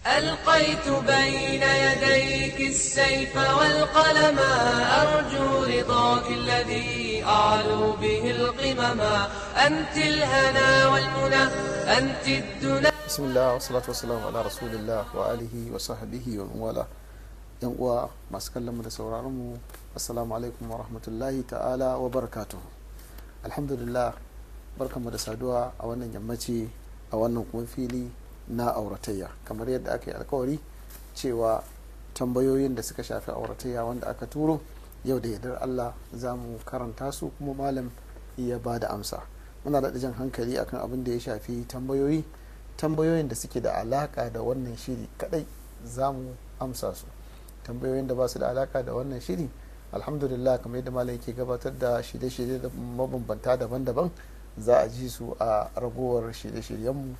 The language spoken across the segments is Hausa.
ألقيت بين يديك السيف والقلم أرجو رضاك الذي أعلو به القمم أنت الهنا والمنى أنت الدنا بسم الله والصلاة والسلام على رسول الله وآله وصحبه ومن والاه yan uwa masu kallon mu da sauraron mu assalamu alaikum wa rahmatullahi ta'ala wa barakatuhu alhamdulillah barkanmu da saduwa a wannan yammaci a wannan kuma fili na auratayya kamar yadda aka yi alkawari cewa tambayoyin da suka shafi auratayya wanda aka turo yau da yardar allah za mu karanta su kuma malam ya ba da amsa muna da jan hankali akan abin da ya shafi tambayoyi tambayoyin da suke da alaka da wannan shiri kadai za mu amsa su tambayoyin da ba su da alaka da wannan shiri alhamdulillah kamar yadda malam yake gabatar da shirye-shirye da mabambanta daban-daban za a ji su a ragowar shirye-shiryenmu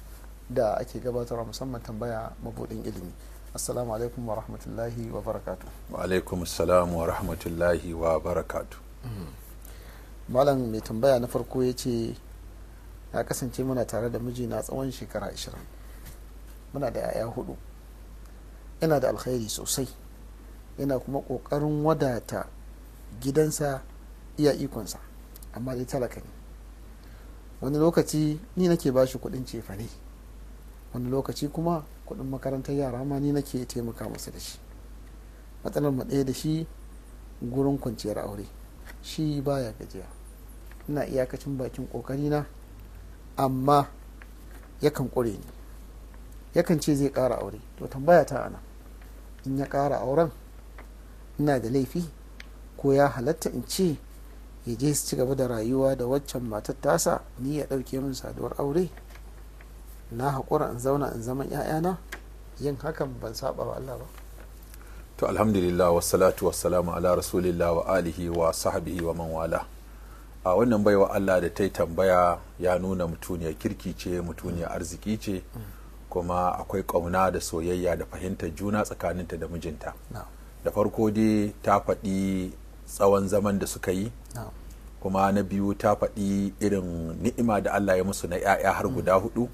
da ake gabatarwa musamman tambaya mabudin ilimi assalamu alaikum wa rahmatullahi wa barakatu wa alaikum assalamu wa rahmatullahi wa barakatu malam mai tambaya na farko ya ce ya kasance muna tare da mijina tsawon shekara 20 muna da 'ya'ya hudu yana da alkhairi sosai yana kuma kokarin wadata gidansa iya ikonsa amma dai talaka ne wani lokaci ni nake bashi shi kuɗin cefane wani lokaci kuma kuɗin makarantar yara ma ni nake taimaka masa da shi matsalar mu ɗaya da shi gurin kwanciyar aure shi baya gajiya ina iyakacin bakin na. amma yakan ƙure ni yakan ce zai ƙara aure to tambaya ta ana in ya ƙara auren ina da laifi ko ya halatta in ce ya je su ci gaba da rayuwa da waccan matar tasa ni ya ɗauke min saduwar aure na haƙura in zauna in zaman 'ya'yana yin hakan ban saba wa Allah ba to alhamdulillah wa salamu ala rasulillah wa alihi wa sahbihi wa man wala a wannan baiwa Allah da ta yi tambaya ya nuna mutuniyar kirki ce mutuniyar arziki ce kuma akwai ƙauna da soyayya da fahimta, juna tsakaninta da mijinta da farko dai ta faɗi tsawon zaman da suka yi kuma na biyu ta faɗi irin ni'ima da Allah ya musu na 'ya'ya har guda hudu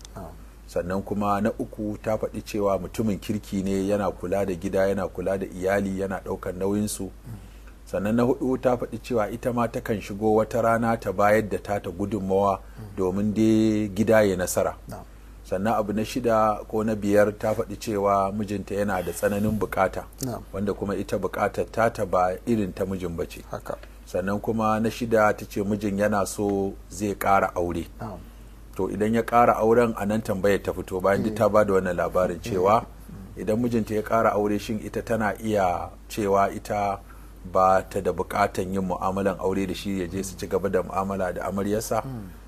sannan kuma na uku ta faɗi cewa mutumin kirki ne yana kula da gida yana kula da iyali yana ɗaukar nauyinsu sannan na hudu ta faɗi cewa ita ma takan shigo wata rana ta bayar da tata gudunmawa domin dai gida ya nasara sannan abu na shida ko na biyar ta faɗi cewa mijinta yana da tsananin bukata wanda kuma ita bukatar tata ba irin ta mijin bace sannan kuma na shida ta ce mijin yana so zai ƙara aure. to idan ya ƙara auren a nan tambayar ta fito bayan duk ta ba da wannan labarin cewa idan mijinta ya kara aure shin ita tana iya cewa ita ba ta da bukatan yin mu'amalan aure da shi ya je su ci gaba da mu'amala da amaryarsa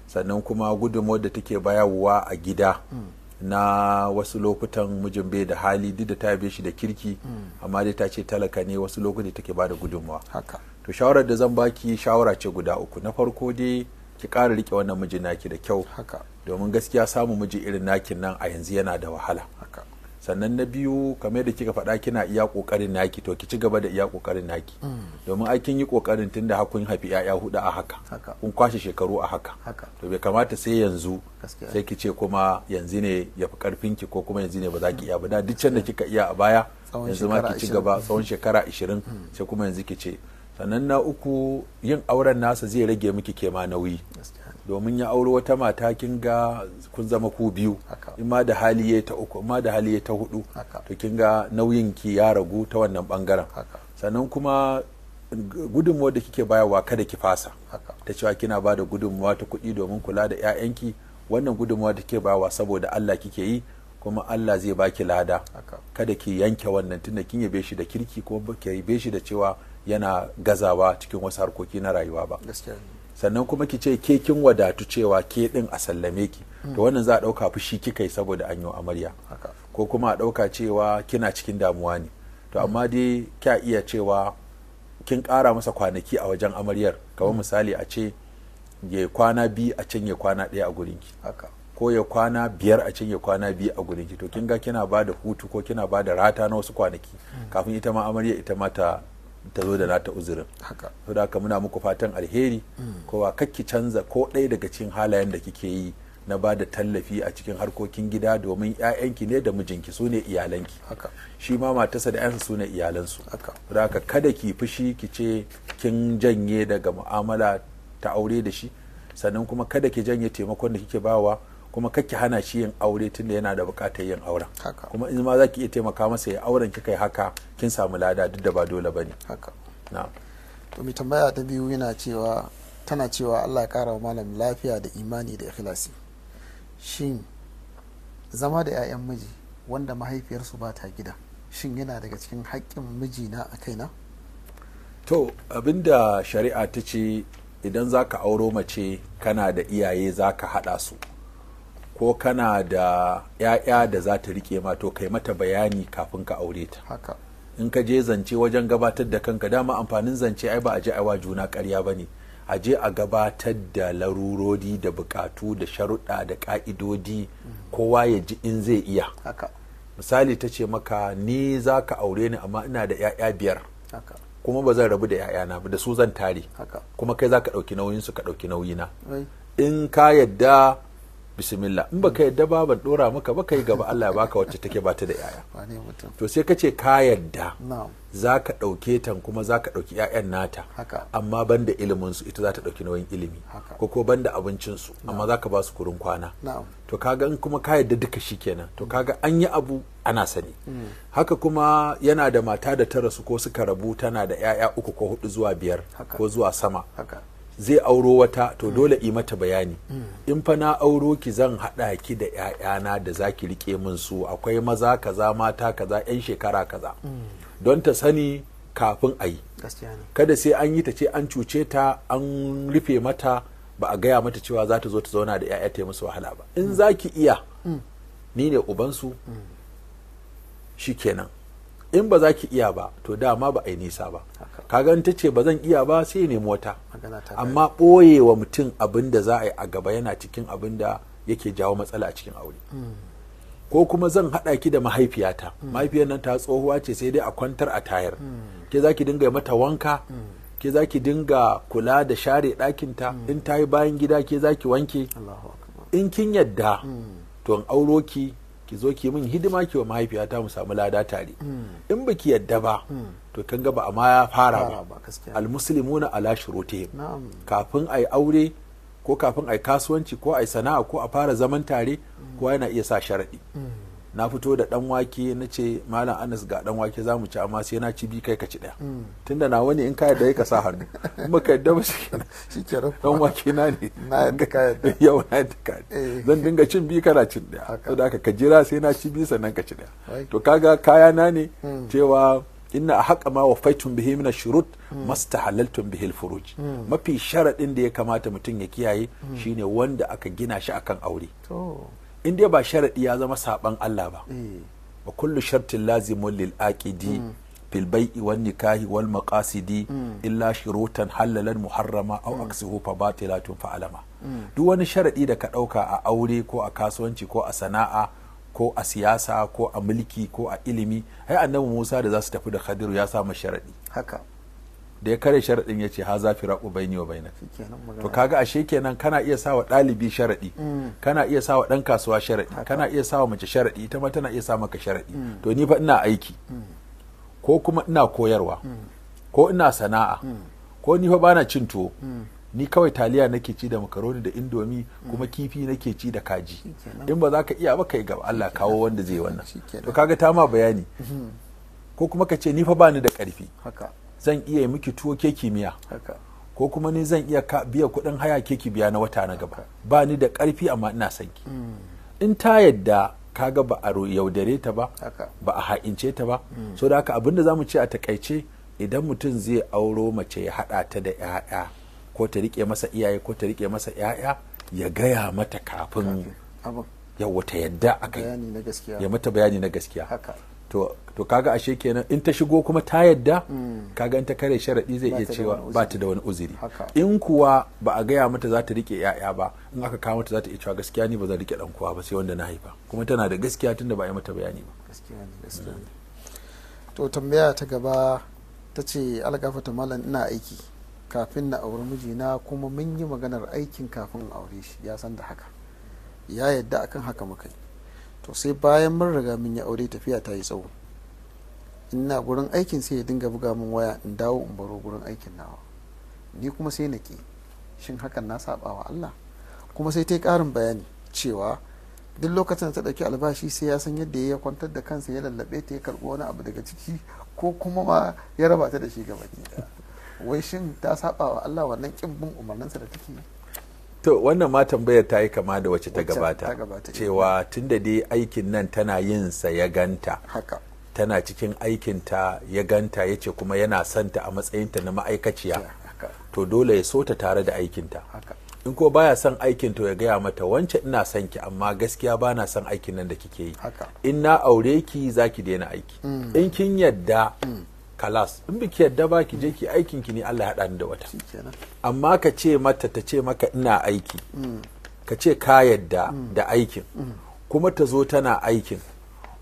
sannan kuma gudunmawar da take bayarwa a gida na wasu lokutan mijin bai da hali duk da ta yabe shi da kirki amma dai ta ce talaka ne wasu lokuta take bada gudunmawa to shawarar da zan baki shawara ce guda uku na farko dai ki ƙara rike wannan mijin naki da kyau haka domin gaskiya samun miji irin nakin nan a yanzu yana da wahala haka sannan na biyu kamar da kika faɗa kina iya kokarin naki to ki ci gaba da iya kokarin naki mm. domin ai kin yi ƙoƙarin tunda hakun haifi ya'ya hudu a haka kun kwashe shekaru a haka to bai kamata sai yanzu sai ki ce kuma yanzu ne ya fi ƙarfin ki ko kuma yanzu ne ba za ki iya ba da duk can da kika iya a baya yanzu ma ki ci gaba tsawon shekara ashirin mm. sai kuma yanzu ki ce sannan na uku yin auren nasa zai rage miki kema nauyi domin ya auri wata mata kin ga kun zama ku biyu imma da hali ya ta uku imma da hali ya ta hudu to kin ga nauyin ki ya ragu ta wannan bangaren sannan kuma gudunmuwa da kike bayarwa kada ki fasa ta cewa kina ba da gudunmuwa ta kuɗi domin kula da 'ya'yanki wannan gudunmuwa da kike bayarwa saboda Allah kike yi kuma Allah zai baki lada kada ki yanke wannan tunda kin yabe shi da kirki ko ki yabe shi da cewa yana gazawa cikin wasu harkoki na rayuwa ba sannan kuma ki ce ke kin wadatu cewa ke din a sallame ki mm. to wannan za a ɗauka fushi kika yi saboda an yi amarya ko kuma a ɗauka cewa kina cikin damuwa ne to mm. amma dai kya iya cewa kin kara masa kwanaki a wajen amaryar kamar mm. misali a ce ya kwana biyu a can ya kwana ɗaya a gurin ki. ko ya kwana biyar a can ya kwana biyu a gurin ki. to kin ga kina ba da hutu ko kina ba da rata na wasu kwanaki kafin ita ma amarya ita ma ta ta zo da nata uzurin haka da haka muna muku fatan alheri hmm. kowa kakki canza ko ɗaya daga cikin halayen da kike yi na ba da tallafi a cikin harkokin gida domin 'ya'yanki ne da mijinki su ne iyalanki shi ma matarsa da 'yansa su ne iyalansu da haka kada ki fushi ki ce kin janye daga mu'amala ta aure da shi sannan kuma kada ki janye taimakon da kike bawa kuma kake hana shi yin aure tunda yana da bukatar yin auren kuma in ma zaki iya taimaka masa ya auren kika yi haka kin samu lada duk da ba dole bane haka na to mi tambaya ta biyu yana cewa tana cewa Allah ya kara wa malam lafiya da imani da ikhlasi shin zama da 'ya'yan miji wanda mahaifiyarsu ba ta gida shin yana daga cikin haƙƙin mijina a kaina to abinda shari'a ta ce idan zaka auro mace kana da iyaye zaka hada su ko kana da ‘ya'ya da za ta rike ma to kai mata bayani kafin ka aure ta haka in ka je zance wajen gabatar da kanka dama amfanin zance ai ba a je aiwa juna karya ba ne a je a gabatar da larurori da bukatu da sharuɗa da ƙa'idodi kowa ya ji in zai iya misali ta ce maka ni za ka aure ni amma ina da 'ya'ya biyar kuma ba zan rabu da 'ya'yana ba da su zan tare kuma kai za ka ɗauki nauyinsu ka ɗauki nauyi na. in ka yadda bismillah in baka yadda ba ban dora maka ba yi gaba Allah ya baka wacce take bata da yaya to sai ka ce ka yadda za ka ɗauke ta kuma za ka ɗauki 'ya'yan nata amma banda da ilimin su ita za ta ɗauki nauyin ilimi ko ko ban da abincin su amma za ka ba su kurin kwana to kaga in kuma ka yadda duka shi kenan to kaga an yi abu ana sani mm. haka kuma yana da mata da ta rasu ko suka rabu tana da 'ya'ya uku ko hudu zuwa biyar ko zuwa sama zai auro wata to mm. dole yi mata bayani mm. in fa na auro ki zan haɗa ki da ‘ya'yana da zaki ki riƙe min su akwai maza kaza mata kaza ‘yan shekara kaza mm. don ta sani kafin a yi kada sai an yi ta ce an cuce ta an rufe mata ba a gaya mata cewa za ta zo ta zauna da ‘ya'ya ta yi musu wahala ba in zaki iya ni ne ubansu shi kenan in ba za ki iya ba to dama ba a yi nisa ba kaga ta ce ba zan iya ba sai nemi wata amma ɓoye wa mutum abin da za a yi a gaba yana cikin abin da yake jawo matsala a cikin aure hmm. ko kuma zan haɗa ki da mahaifiyata hmm. mahaifiyar nan ta tsohuwa ce sai dai a kwantar a tayar hmm. ke za ki dinga mata wanka ke za ki dinga kula da share ɗakin ta in ta yi bayan gida ke za ki wanke in kin yadda to auro ki ki zo ki min hidima ki wa mahaifiyata mu samu lada tare in baki yadda ba to kan ga ba amma ya fara ba almuslimuna ala shurutihim kafin ai aure ko kafin ai kasuwanci ko ai sana'a ko a fara zaman tare kowa yana iya sa sharaɗi. Mm. na fito da dan wake na ce malam anas ga dan wake za mu ci amma sai na ci bi kai ka ci daya hmm. tunda na wani in ka yadda ka sa hannu kuma ka yadda ba shi kenan dan wake na ne na yadda ka yadda yau na yadda ka eh. zan dinga cin bi kana cin daya saboda haka ka jira sai na ci bi sannan ka ci daya to kaga kaya na ne hmm. cewa inna a haƙa ma wafaitun bihi min shurut hmm. masta halaltun bihi furuj mafi sharaɗin da ya kamata mutum ya kiyaye shine wanda aka gina shi akan aure in dai ba sharaɗi ya zama saɓan Allah ba mm. wa kullu shartin lazimun lil aqidi mm. fil bai'i wan nikahi wal maqasidi mm. illa shurutan halalan muharrama aw aksihu fa batilatun fa alama duk wani sharaɗi da ka ɗauka a aure ko a kasuwanci ko a sana'a ko a siyasa ko a mulki ko a ilimi ai annabi Musa da za su tafi da Khadiru ya sa sharaɗi haka da ya kare sharaɗin ya ce ha za firaku bai wa bai to kaga ashe kenan kana iya sawa ɗalibi sharaɗi mm. kana iya sawa ɗan kasuwa sharaɗi kana iya sawa mace sharaɗi ita ma tana iya sa maka sharaɗi mm. to ni fa ina aiki mm. ko kuma ina koyarwa ko ina sana'a ko ni fa bana cin tuwo ni kawai taliya nake ci da makaroni da indomi kuma kifi nake ci da kaji in ba za ka iya ba kai gaba Allah kawo wanda zai wannan to kaga ta ma bayani mm-hmm. ko kuma ka ce ni fa bani da ƙarfi zan iya yi miki tuwo ke kimiyya ko kuma ni zan iya biya kuɗin haya ke ki biya na wata na gaba ba ni da ƙarfi amma ina son ki hmm. in ta yadda kaga ba a yaudare ta ba ba a ha'ince ta ba hmm. so da haka abinda zamu ce a takaice idan mutum zai auro mace ya haɗa ta da 'ya'ya ko ta rike masa iyaye ko ta rike masa 'ya'ya ya gaya mata kafin yawa ta yadda akai ya mata bayani na gaskiya to to kaga ashe kenan in ta shigo kuma ta yadda mm. kaga in ta kare sharaɗi zai iya cewa ba ta da wani uzuri in kuwa ba a gaya mata za ta rike yaya ba in aka kawo mata za ta iya cewa gaskiya ni ba zan rike dan kuwa ba sai wanda na haifa kuma tana da gaskiya tunda ba a yi mata bayani ba to tambaya ta gaba ta ce alkafata malam ina aiki kafin na auri mijina kuma mun yi maganar aikin kafin aure shi ya san da haka ya yadda akan haka muka yi to sai bayan mun riga mun ya aure tafiya ta yi tsawo ina gurin aikin sai ya dinga buga min waya in dawo in baro gurin aikin nawa ni kuma sai na ki shin hakan na saba wa Allah kuma sai ta yi karin bayani cewa duk lokacin da ta ɗauki albashi sai ya san yadda ya kwantar da kansa ya lallaɓe ta ya karɓi wani abu daga ciki ko kuma ma ya raba ta da shi gaba wai shin ta saba wa Allah wannan kin bin umarninsa da take to wannan ma tambayar ta yi kama da wacce ta gabata eh. cewa tun da dai aikin nan tana yin sa ya ganta tana cikin aikin ta ya ganta ya ce kuma yana santa a matsayin ta na ma'aikaciya to dole ya so ta tare da aikin ta in ko baya son aikin to ya gaya mata wancan ina son ki amma gaskiya ba na son aikin nan da kike yi in na aure ki zaki daina aiki mm. in kin yadda mm. kalas in biki yadda ba ki je ki aikin ki ne Allah ya ni da wata amma ka ce mata ta ce maka ina aiki mm. ka ce ka yadda mm. da aikin mm. kuma ta zo tana aikin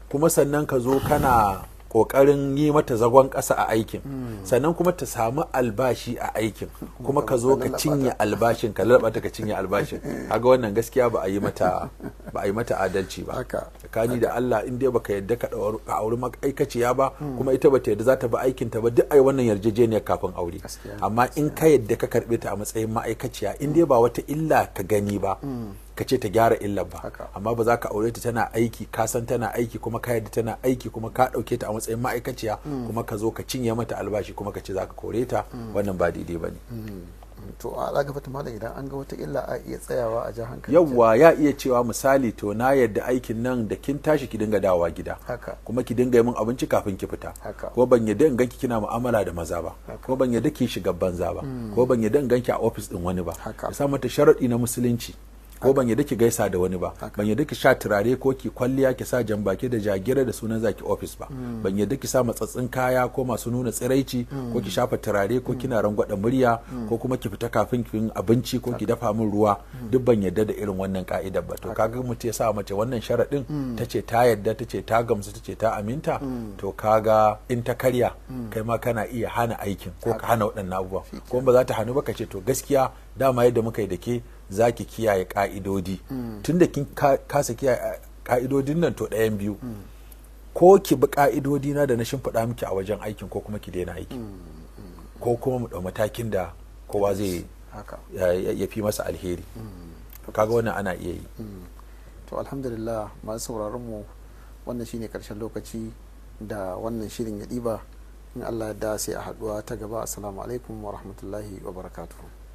kuma sannan ka zo kana kokarin yi mata zagon ƙasa a aikin hmm. sannan kuma ta samu albashi a aikin kuma ka zo ka cinye albashin ka lalabata ka cinye albashin kaga wannan gaskiya ba a yi mata adalci ba tsakani da Allah in dai baka yadda ka a auri ma'aikaciya ba hmm. kuma ita ba ta yadda za ta ba aikin ta ba duk ai wannan yarjejeniyar kafin aure amma in ka yadda ka karbe ta a matsayin ma'aikaciya in dai ba wata illa ka gani ba hmm. ka ce ta gyara illar ba amma ba za ka aure ta tana aiki ka san tana aiki kuma ka yadda tana aiki kuma ka dauke ta a matsayin ma'aikaciya mm. kuma ka zo ka cinye mata albashi kuma ka ce za ka kore ta mm. wannan ba daidai ba ne mm. to a fata malam idan an ga wata illa a iya tsayawa a hankali yawwa ya iya cewa misali to na yadda aikin nan da kin tashi ki dinga dawowa gida kuma ki dinga min abinci kafin ki fita ko ban yadda in ganki kina mu'amala da maza ba ko ban yadda ki shiga banza ba ko ban yadda in ganki a ofis din wani ba ya sa mata sharadi na musulunci ko ban yadda ki gaisa da wani ba ban yadda ki sha turare ko ki kwalliya ki sa jan baki da jagira da sunan zaki ofis ba mm. ban yadda ki sa matsatsin kaya ko masu nuna tsiraici ko mm. ki shafa turare ko mm. kina rangwada murya ko kuma ki fita kafin kin abinci ko ki dafa min ruwa duk ban yadda da irin wannan ka'ida ba to kaga mutum ya sa mace wannan sharadin tace ta yadda tace ta gamsu tace ta aminta to kaga in ta karya kai ma kana iya hana aikin ko ka hana waɗannan abubuwa ko ba za ta hannu ba ka ce to gaskiya dama yadda muka yi da ke za ki kiyaye ka'idodi da kin kasa kiyaye eh, ka'idodin nan to ɗayan biyu ko ki bi ka'idodi na da na shimfiɗa miki a wajen aikin ko kuma ki daina aiki ko kuma mu matakin da kowa zai ya fi masa alheri kaga wannan ana iya yi to alhamdulillah masu sauraron mu wannan shine karshen lokaci da wannan shirin ya ɗiba in allah da sai a haɗuwa ta gaba assalamu alaikum wa rahmatullahi wa barakatuhu